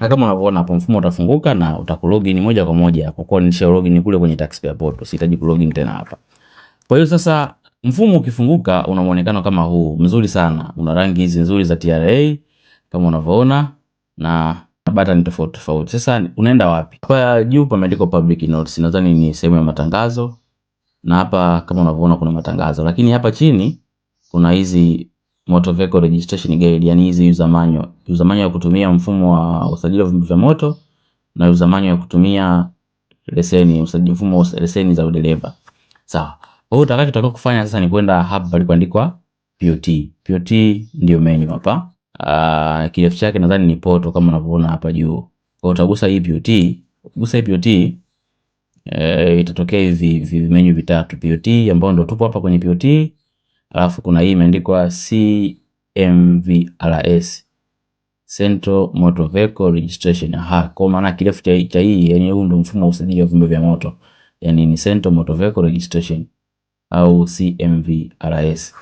Na kama unavyoona hapo mfumo utafunguka na utakulogin moja kwa moja kwa kuwa nilisha login kule kwenye taxpayer portal, sihitaji kulogin tena hapa. Kwa hiyo sasa mfumo ukifunguka una muonekano kama huu mzuri sana, una rangi hizi nzuri za TRA kama unavyoona na button tofauti tofauti. Sasa unaenda wapi? Hapa juu pameandikwa public notes, nadhani ni sehemu ya matangazo, na hapa kama unavyoona kuna matangazo, lakini hapa chini kuna hizi Motor Vehicle Registration Guide, yani hizi user manual. User manual ya kutumia mfumo wa usajili wa vyombo vya moto na user manual ya kutumia leseni, usajili mfumo wa leseni za udereva. Sawa. Kwa hiyo utakachotaka kufanya sasa ni kwenda hapa palipoandikwa POT. POT ndio menu hapa. Uh, kirefu chake nadhani ni poto kama unavyoona hapa juu. Kwa utagusa hii POT, gusa hii POT eh, itatokea hivi vimenyu vitatu POT ambao ndio tupo hapa kwenye POT Alafu kuna hii imeandikwa CMVRS Central Motor Vehicle Registration. Aha, kwa maana kirefu cha cha hii yani huu ndio mfumo wa usajili wa vyombo vya moto. Yani ni Central Motor Vehicle Registration au CMVRS.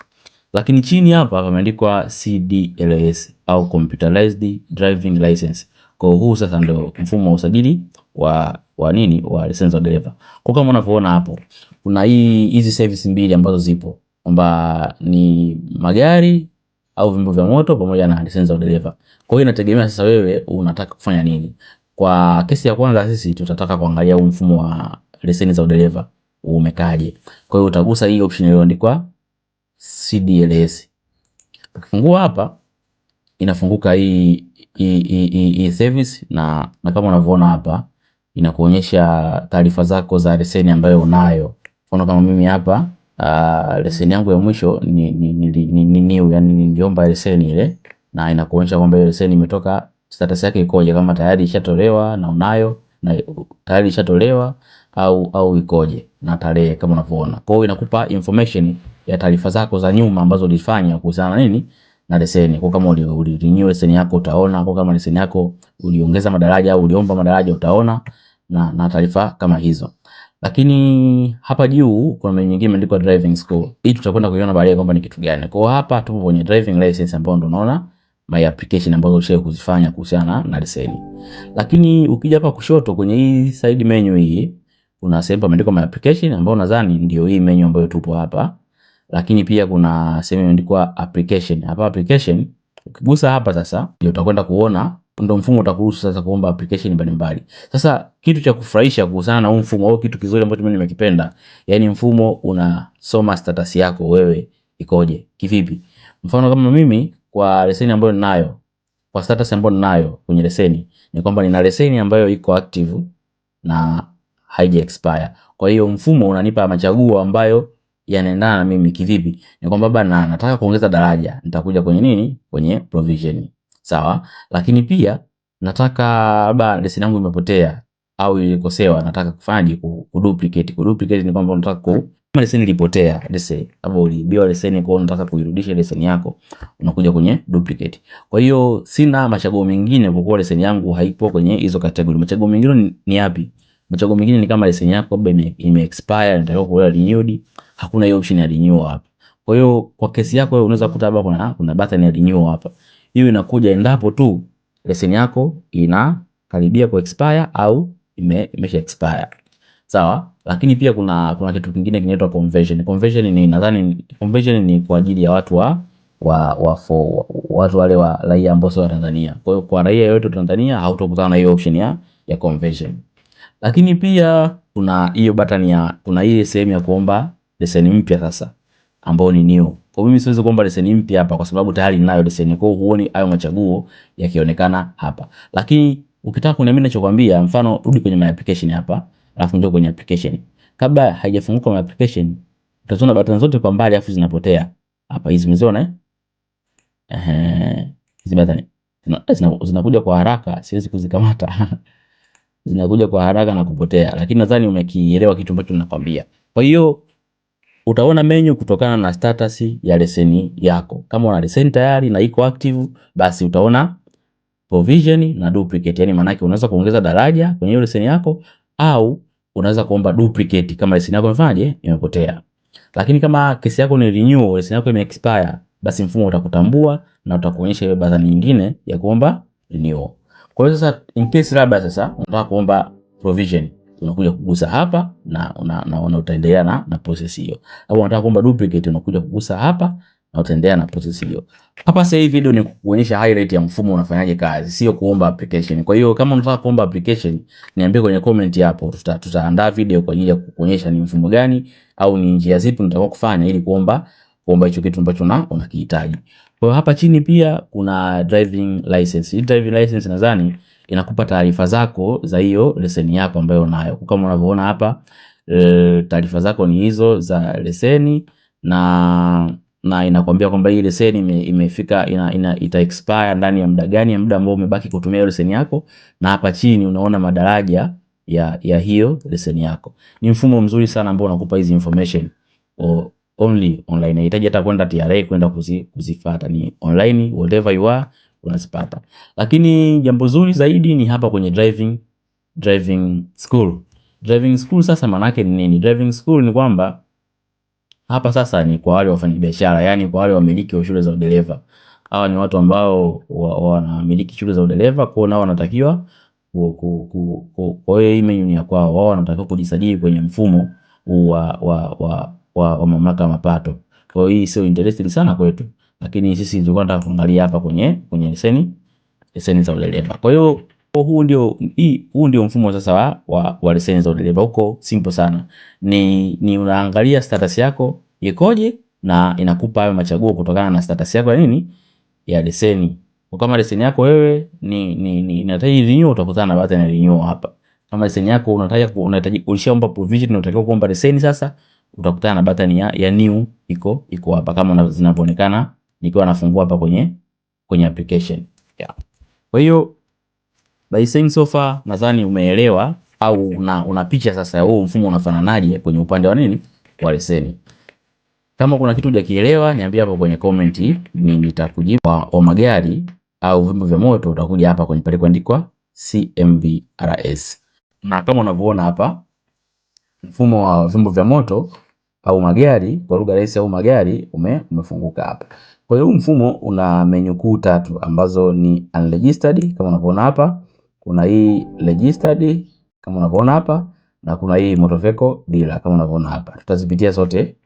Lakini chini hapa pameandikwa CDLS au Computerized Driving License. Kwa huu sasa ndio mfumo wa usajili wa wa nini wa leseni za dereva. Kwa kama unavyoona hapo, kuna hii hizi service mbili ambazo zipo kwamba ni magari au vyombo vya moto pamoja na leseni za udereva. Kwa hiyo inategemea sasa wewe unataka kufanya nini. Kwa kesi ya kwanza sisi tutataka kuangalia huu mfumo wa leseni za udereva umekaje. Kwa hiyo utagusa hii option iliyoandikwa CDLS. Ukifungua hapa inafunguka hii hii hii hii service na, na kama unavyoona hapa inakuonyesha taarifa zako za leseni ambayo unayo. Mfano kama mimi hapa Ah, leseni yangu ya mwisho ni, ni, ni, ni, ni, ni, niliomba leseni ile na inakuonyesha kwamba ile leseni imetoka, status yake ikoje, kama tayari ishatolewa na unayo na tayari ishatolewa au au ikoje na tarehe kama unavyoona. Kwa hiyo inakupa information ya taarifa zako za nyuma ambazo ulifanya kuhusiana na nini na leseni. Kwa kama ulirenew leseni yako utaona, kwa kama leseni yako uliongeza madaraja au uliomba madaraja utaona na, na taarifa kama hizo. Lakini hapa juu kuna menu nyingine imeandikwa driving school. Hii tutakwenda kuiona baadaye kwamba ni kitu gani. Kwa hapa tupo kwenye driving license ambayo ndo unaona my application ambazo ushawahi kuzifanya kuhusiana na leseni. Lakini ukija hapa kushoto kwenye hii side menu hii kuna sehemu imeandikwa my application ambayo nadhani ndio hii menu ambayo tupo hapa. Lakini pia kuna sehemu imeandikwa application. Hapa application ukigusa hapa sasa ndio utakwenda kuona ndo mfumo utakuruhusu sasa kuomba application mbalimbali. Sasa kitu cha kufurahisha kuhusiana na huu mfumo au kitu kizuri ambacho mimi nimekipenda, yani mfumo unasoma status yako wewe ikoje, kivipi. Mfano kama mimi kwa leseni ambayo ninayo, kwa status ambayo ninayo kwenye leseni ni kwamba nina leseni ambayo iko active na haija expire. Kwa hiyo mfumo unanipa machaguo ambayo yanaendana na mimi kivipi? Ni kwamba bana, nataka kuongeza daraja, nitakuja kwenye nini? Kwenye provision sawa. Lakini pia nataka labda leseni yangu imepotea au ilikosewa, nataka kufanyaje? Kuduplicate. Kuduplicate ni kwamba unataka ku kama leseni ilipotea, let's say labda uliibiwa leseni, kwa hiyo unataka kuirudisha leseni yako, unakuja kwenye duplicate. Kwa hiyo sina machaguo mengine kwa kuwa leseni yangu haipo kwenye hizo category. Machaguo mengine ni, yapi? Machaguo mengine ni kama leseni yako labda ime, expire, nataka kuwa renewed, hakuna hiyo option ya renew hapa. Kwa hiyo kwa kesi yako unaweza kukuta hapa kuna kuna button ya renew hapa hiyo inakuja endapo tu leseni yako inakaribia ku expire au ime, imesha expire sawa. Lakini pia kuna, kuna kitu kingine kinaitwa conversion. Conversion ni nadhani conversion ni kwa ajili ya watu wa wa, wa, wa watu wale wa raia ambao sio wa Tanzania. Kwa hiyo kwa raia yote wa Tanzania hautokutana na hiyo option ya ya conversion. Lakini pia kuna hiyo button ya kuna ile sehemu ya kuomba leseni mpya sasa ambao ni new. Kwa mimi siwezi kuomba leseni mpya hapa kwa sababu tayari ninayo leseni. Kwa hiyo huoni hayo machaguo yakionekana hapa. Lakini ukitaka kuniamini ninachokwambia, mfano rudi kwenye my application hapa, alafu ndio kwenye application. Kabla haijafunguka my application, utaona button zote kwa mbali alafu zinapotea. Hapa hizi umeziona eh? Ehe. Hizi batani zinakuja kwa haraka, siwezi kuzikamata. zinakuja kwa haraka na kupotea, lakini nadhani umekielewa kitu ambacho ninakwambia. Kwa hiyo Utaona menu kutokana na status ya leseni yako. Kama una leseni tayari na iko active, basi utaona provision na duplicate. Yani maanake unaweza kuongeza daraja kwenye ile leseni yako au unaweza kuomba duplicate kama leseni yako imefanyaje, imepotea. Lakini kama kesi yako ni renewal, leseni yako imeexpire, basi mfumo utakutambua na utakuonyesha ile button nyingine ya kuomba renewal. Kwa hiyo sasa in case labda sasa unataka kuomba provision unakuja kugusa hapa na unaona utaendelea na, na process hiyo. Au unataka kuomba duplicate unakuja kugusa hapa na utaendelea na process hiyo. Hapa sasa hii video ni kuonyesha highlight ya mfumo unafanyaje kazi, sio kuomba application. Kwa hiyo kama unataka kuomba application, niambie kwenye comment hapo, tuta, tutaandaa video kwa ajili ya kuonyesha ni mfumo gani au ni njia zipi unataka kufanya ili kuomba kuomba hicho kitu ambacho una unakihitaji. Kwa hapa chini pia kuna driving license. Hii driving license nadhani inakupa taarifa zako za hiyo leseni yako ambayo unayo. Kama unavyoona hapa e, taarifa zako ni hizo za leseni na na inakwambia kwamba hii leseni imefika ina, ina, ita expire ndani ya muda gani, ya muda ambao umebaki kutumia hiyo leseni yako, na hapa chini unaona madaraja ya, ya hiyo leseni yako. Ni mfumo mzuri sana ambao unakupa hizi information o, only online. Inahitaji hata kwenda TRA kwenda kuzifuata, ni online whatever you are unazipata. Lakini jambo zuri zaidi ni hapa kwenye driving driving school. Driving school sasa maana ni nini? Driving school ni kwamba hapa sasa ni kwa wale wafanyabiashara, yani kwa wale wamiliki wa shule za udereva. Hawa ni watu ambao wanamiliki shule za udereva, kwa nao wanatakiwa kwa hiyo hii menu ya kwao wao wanatakiwa kujisajili kwenye mfumo wa, wa, wa, wa, wa mamlaka ya mapato. Kwa hiyo hii sio interesting sana kwetu lakini sisi tulikuwa tunataka kuangalia hapa kwenye kwenye leseni leseni za udereva. Kwa hiyo huu ndio hii huu ndio mfumo sasa wa, wa, wa leseni za udereva huko, simple sana ni, ni unaangalia status yako ikoje na inakupa hayo machaguo kutokana na status yako ya nini ya leseni. Kwa kama leseni yako wewe ni ni, ni inahitaji renew, utakutana na button ya renew hapa. Kama leseni yako unataka unahitaji ulishaomba provision unatakiwa kuomba leseni sasa, utakutana na button ya, ya new iko iko hapa kama zinavyoonekana nikiwa nafungua hapa kwenye kwenye application. Yeah. Kwa hiyo by saying so far nadhani umeelewa au una, una picha sasa ya huu mfumo unafananaje kwenye upande wa nini wa leseni. Kama kuna kitu hujakielewa niambie hapo kwenye comment, ni nitakujibu. kwa magari au vyombo vya moto utakuja hapa kwenye pale kuandikwa CMVRS. Na kama unavyoona hapa mfumo wa vyombo vya moto au magari kwa lugha rahisi au magari ume, umefunguka hapa. Kwa hiyo mfumo una menu kuu tatu ambazo ni unregistered kama unavyoona hapa, kuna hii registered kama unavyoona hapa na kuna hii motor vehicle dealer kama unavyoona hapa. Tutazipitia zote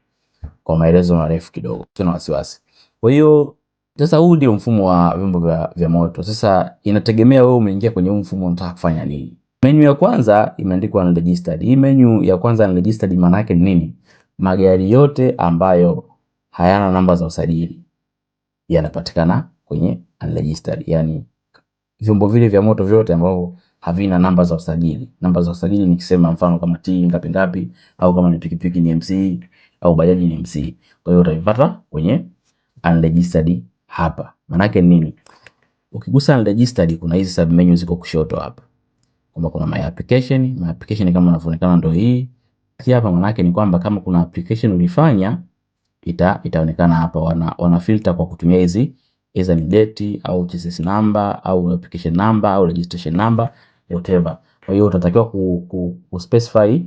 kwa maelezo marefu kidogo, sina wasiwasi. Kwa hiyo sasa huu ndio mfumo wa vyombo vya, vya moto. Sasa inategemea wewe umeingia kwenye huu mfumo unataka kufanya nini. Menu ya kwanza imeandikwa unregistered. Hii menu ya kwanza unregistered maana yake ni nini? Magari yote ambayo hayana namba za usajili yanapatikana kwenye unregistered, yani vyombo vile vya moto vyote ambavyo havina namba za usajili. Namba za usajili nikisema mfano kama T ngapi ngapi, au kama ni pikipiki ni MC au bajaji ni MC. Kwa hiyo utaipata kwenye unregistered hapa. Maana yake nini? Ukigusa unregistered, kuna hizi sub menu ziko kushoto hapa, kwamba kuna my application. My application kama unaonekana ndio hii hapa. Maana yake ni kwamba kama kuna application ulifanya ita, itaonekana hapa. Wana, wana filter kwa kutumia hizi either ni date au chassis number au application number au registration number whatever. Kwa hiyo utatakiwa ku, ku, ku specify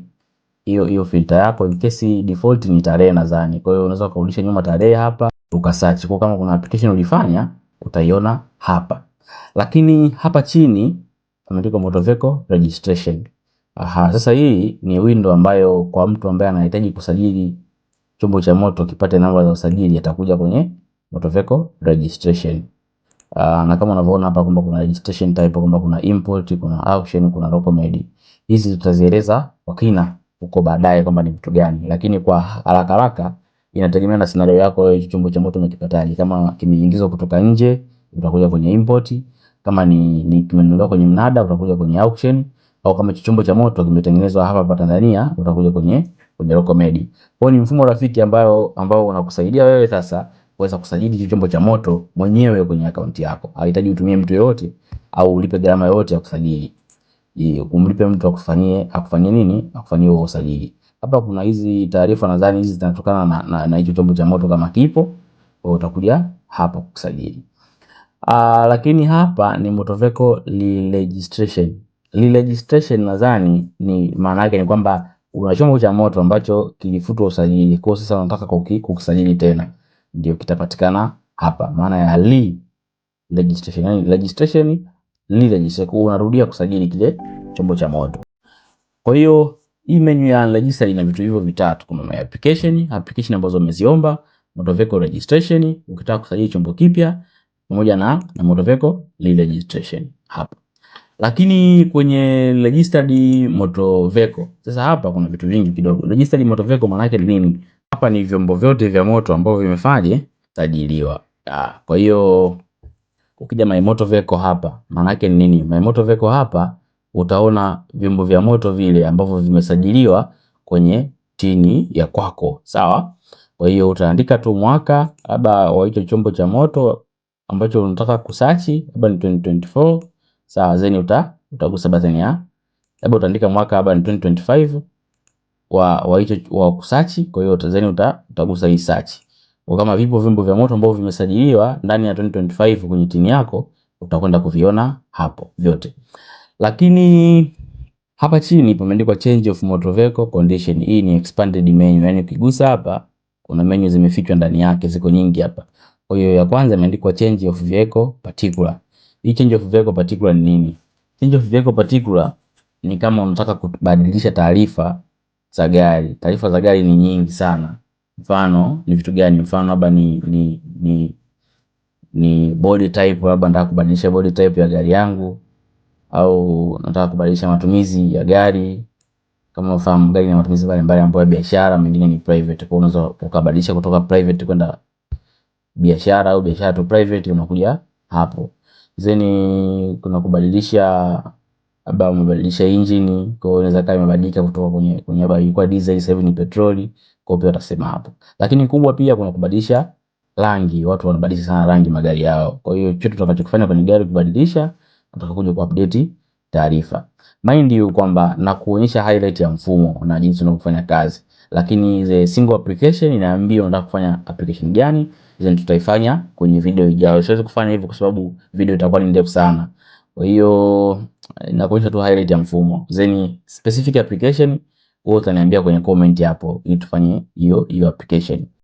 hiyo hiyo filter yako, in case default ni tarehe nadhani. Kwa hiyo unaweza kurudisha nyuma tarehe hapa ukasearch, kwa kama kuna application ulifanya utaiona hapa, lakini hapa chini pameandikwa motor vehicle registration. Aha, sasa hii ni window ambayo kwa mtu ambaye anahitaji kusajili chombo cha moto kipate namba za usajili, atakuja kwenye motor vehicle registration. Aa, ah, na kama unavyoona hapa kwamba kuna registration type, kwamba kuna import, kuna auction, kuna local made. Hizi tutazieleza kwa kina huko baadaye kwamba ni mtu gani, lakini kwa haraka haraka inategemea na scenario yako wewe, chombo cha moto umekipataje. Kama kimeingizwa kutoka nje utakuja kwenye import, kama ni, ni kimenunuliwa kwenye mnada utakuja kwenye auction, au kama chombo cha moto kimetengenezwa hapa hapa Tanzania utakuja kwenye kwenye Locomedi. Kwa ni mfumo rafiki ambao ambao unakusaidia wewe sasa kuweza kusajili hicho chombo cha moto mwenyewe kwenye akaunti yako. Hahitaji utumie mtu yoyote au ulipe gharama yoyote ya kusajili. Umlipe mtu akufanyie akufanyie nini? Akufanyie huo usajili. Hapa kuna hizi taarifa nadhani hizi zinatokana na, na, na hicho chombo cha moto kama kipo, kwa utakuja hapa kusajili. Ah, lakini hapa ni motor vehicle re-registration. Re-registration nadhani ni maana yake ni kwamba una chombo cha moto ambacho kilifutwa usajili, kwa sasa unataka kukisajili tena, ndio kitapatikana hapa, maana ya li registration, yani registration li register, kwa unarudia kusajili kile chombo cha moto. Kwa hiyo hii menu ya register ina vitu hivyo vitatu, kuna my application, application ambazo umeziomba, motor vehicle registration, ukitaka kusajili chombo kipya pamoja na, na motor vehicle re registration hapa. Lakini kwenye registered motor vehicle, sasa hapa kuna vitu vingi kidogo. Registered motor vehicle maana yake ni nini? Hapa ni vyombo vyote vya moto ambavyo vimefanyaje sajiliwa. Ah, kwa hiyo ukija my motor vehicle hapa maana yake ni nini? My motor vehicle hapa utaona vyombo vya moto vile ambavyo vimesajiliwa kwenye tini ya kwako, sawa? Kwa hiyo utaandika tu mwaka labda wa hicho chombo cha moto ambacho unataka kusachi, labda ni 2024 Sawa, then uta utagusa button ya labda utaandika mwaka hapa ni 2025 wa wa hicho wa kusachi. kwa hiyo then uta utagusa hii search. Kwa kama vipo vyombo vya moto ambavyo vimesajiliwa ndani ya 2025 kwenye tini yako utakwenda kuviona hapo vyote. Lakini hapa chini pameandikwa change of motor vehicle condition. Hii ni expanded menu, yani ukigusa hapa kuna menu zimefichwa ndani yake, ziko nyingi hapa. Kwa hiyo ya kwanza imeandikwa change of vehicle particular. Hii change of vehicle particular ni nini? Change of vehicle particular ni kama unataka kubadilisha taarifa za gari. Taarifa za gari ni nyingi sana. Mfano ni vitu gani? Mfano labda ni, ni, ni, ni body type, labda nataka kubadilisha body type ya gari yangu, au nataka kubadilisha matumizi ya gari kama ufahamu gari na matumizi mbalimbali ambayo ya biashara, mengine ni private. Kwa unaweza ukabadilisha kutoka private kwenda biashara au biashara to private, unakuja hapo zeni kuna kubadilisha labda umebadilisha injini kwa hiyo inaweza kama imebadilika kutoka kwenye kwenye labda ilikuwa diesel sasa hivi ni petroli, kwa hiyo pia utasema hapo. Lakini kubwa pia kuna kubadilisha rangi, watu wanabadilisha sana rangi magari yao. Kwa hiyo chote tutakachokifanya kwenye gari kubadilisha, tutakuja kuupdate taarifa. Mind you kwamba na kuonyesha highlight ya mfumo na jinsi unavyofanya kazi, lakini the single application inaambia unataka kufanya application gani, then tutaifanya kwenye video ijayo. Siwezi kufanya hivyo kwa sababu video itakuwa ni ndefu sana. Kwa hiyo nakuonyesha tu highlight ya mfumo, then specific application wewe utaniambia kwenye comment hapo ili tufanye hiyo hiyo application.